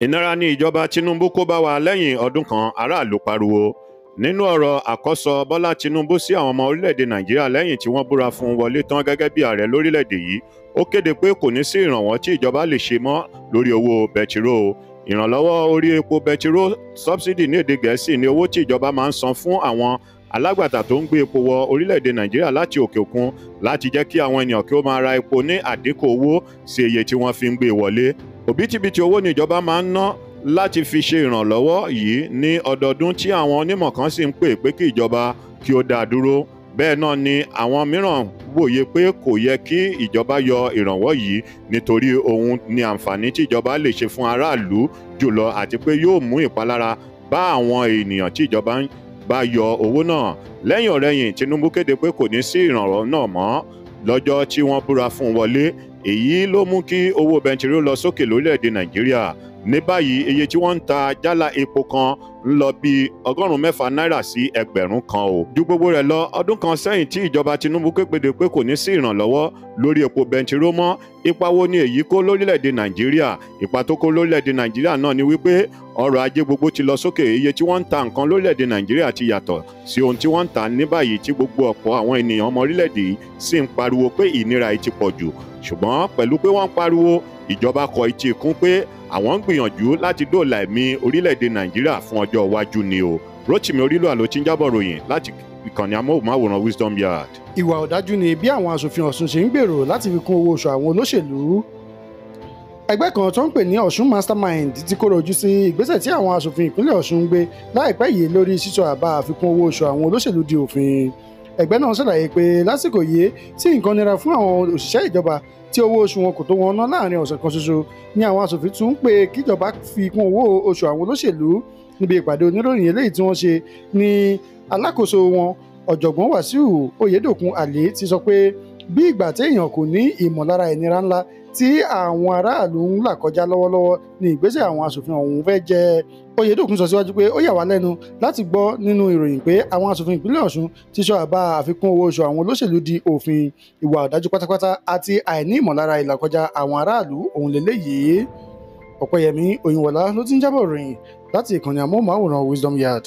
ìnira ni ìjọba Tinubu kó bá wa lẹ́yìn ọdún kan aráàlú pariwo nínú ọ̀rọ̀ àkọ́sọ Bọ́lá Tinubu sí àwọn ọmọ orílẹ̀-èdè Nàìjíríà lẹ́yìn tí wọ́n búra fún wọlé tán gẹ́gẹ́ bí ààrẹ lórílẹ̀-èdè yìí ó kéde pé kò ní sí ìrànwọ́ tí ìjọba lè ṣe mọ́ lórí owó bẹtiró ìrànlọ́wọ́ orí epo bẹtiró subsidy ní èdè Gẹ̀ẹ́sì ni owó tí ìjọba máa ń san fún àwọn alágbàtà tó ń gbé epo wọ orílẹ̀-èdè Nàìjíríà láti òkè òkun láti jẹ́ kí àwọn ènìyàn kí ó máa ra epo ní àdínkù owó sí iye tí wọ́n fi ń gbé e wọlé òbítíbitì owó ni ìjọba máa ń ná láti fi ṣe ìrànlọ́wọ́ yìí ní ọdọọdún tí àwọn onímọ̀ kan sì ń pè pé kí ìjọba kí ó dá dúró bẹ́ẹ̀ náà ni àwọn mìíràn wòye pé kò yẹ kí ìjọba yọ ìrànwọ́ yìí nítorí òun ni àǹfààní tí ìjọba lè ṣe fún aráàlú jùlọ àti pé yóò mú ìpalára bá àwọn ènìyàn tí ìjọba bá yọ owó náà lẹ́yìn ọ̀rẹ́yìn Tinubu kéde pé kò ní sí ìrànwọ́ náà mọ́ lọ́jọ́ tí wọ́n búra fún wọlé èyí ló mú kí owó bẹntiró lọ sókè lórílẹ̀‐èdè nàìjíríà ní báyìí iye tí wọ́n ń ta jálá epo kan ń lọ bí ọgọ́rùn-ún mẹ́fà náírà sí ẹgbẹ̀rún kan o. ju gbogbo rẹ̀ lọ ọdún kan sẹ́yìn tí ìjọba Tinubu képede pé kò ní sí ìrànlọ́wọ́ lórí epo bẹntiró mọ́ ipa wo ni èyí kó lórílẹ̀‐èdè nàìjíríà ipa tó kó lórílẹ̀‐èdè nàìjíríà náà ni wípé ọrọ̀ ajé gbogbo ti lọ sókè iye tí wọ́n ń ta nǹkan lórílẹ̀‐èdè nàìjíríà ti yàtọ̀ sí ohun tí wọ́n ń ta ní báyìí tí gbogbo ọ̀pọ̀ àwọn ènìyàn ọmọ orílẹ̀‐èdè yìí sì ń pariwo pé ìnira yìí ti pọ̀ jù ṣùgbọ́n pẹ̀lú pé wọ́n ń pariwo ìjọba kọ etí ikún pé àwọn ń gbìyànjú láti dóòlà ẹ̀mí orílẹ̀-èdè nàìjíríà fún ọjọ́ iwájú ni o rotimi orílọ̀ àlọ́ tí ń jábọ̀ ròyìn láti ìkànnì amóhùnmáwòrán wisdom yard. ìwà ọ̀dájú ni bí àwọn asòfin ọ̀sùn ṣe ń gbèrò láti fi kún owó oṣù àwọn olóṣèlú ẹgbẹ́ kan tó ń pè ní ọ̀ṣun mastermind ti kóró ojú sí ìgbésẹ̀ tí àwọn asòfin ìpínlẹ̀ ọ̀ṣun ń gbé láìpẹ́ yìí lórí sísọ àbá àfikún owó oṣù àwọn olóṣèlú di òfin ẹgbẹ́ náà ṣàlàyé pé lásìkò yìí tí nǹkan nira fún àwọn òṣìṣẹ́ ìjọba tí owó oṣù wọn kò tó wọn ná láàrin ọ̀sẹ̀ kan ṣoṣo ni àwọn aṣòfin tún ń pè kíjọba fi kún owó oṣù àwọn olóṣèlú níbi ìpàdé oníròyìn eléyìí tí wọ́n ṣe ní alákòóso wọn ọ̀jọ̀gbọ́n Wàsíù Oyèdòkun Àlè ti sọ pé bí ìgbà téèyàn kò ní ìmọ̀lára ìnira ńlá tí àwọn aráàlú ń là kọjá lọ́wọ́lọ́wọ́ ni ìgbésẹ̀ àwọn asòfin ọ̀hún fẹ́ jẹ́ Oyèdòkun sọ síwájú pé ó yà wá lẹ́nu láti gbọ́ nínú ìròyìn pé àwọn asòfin ìpínlẹ̀ Ọ̀ṣun ti sọ àbá àfikún owó oṣù àwọn olóṣèlú di òfin ìwà ọ̀dájú pátápátá àti àìní ìmọ̀lára ìlàkọjá àwọn aráàlú òun lélẹ́yìí Ọ̀pẹ́yẹmí Oyinwọlá ló ti ń jábọ̀ ròyìn láti ìkànnì amóhùnmáwòrán Wisdom Yard.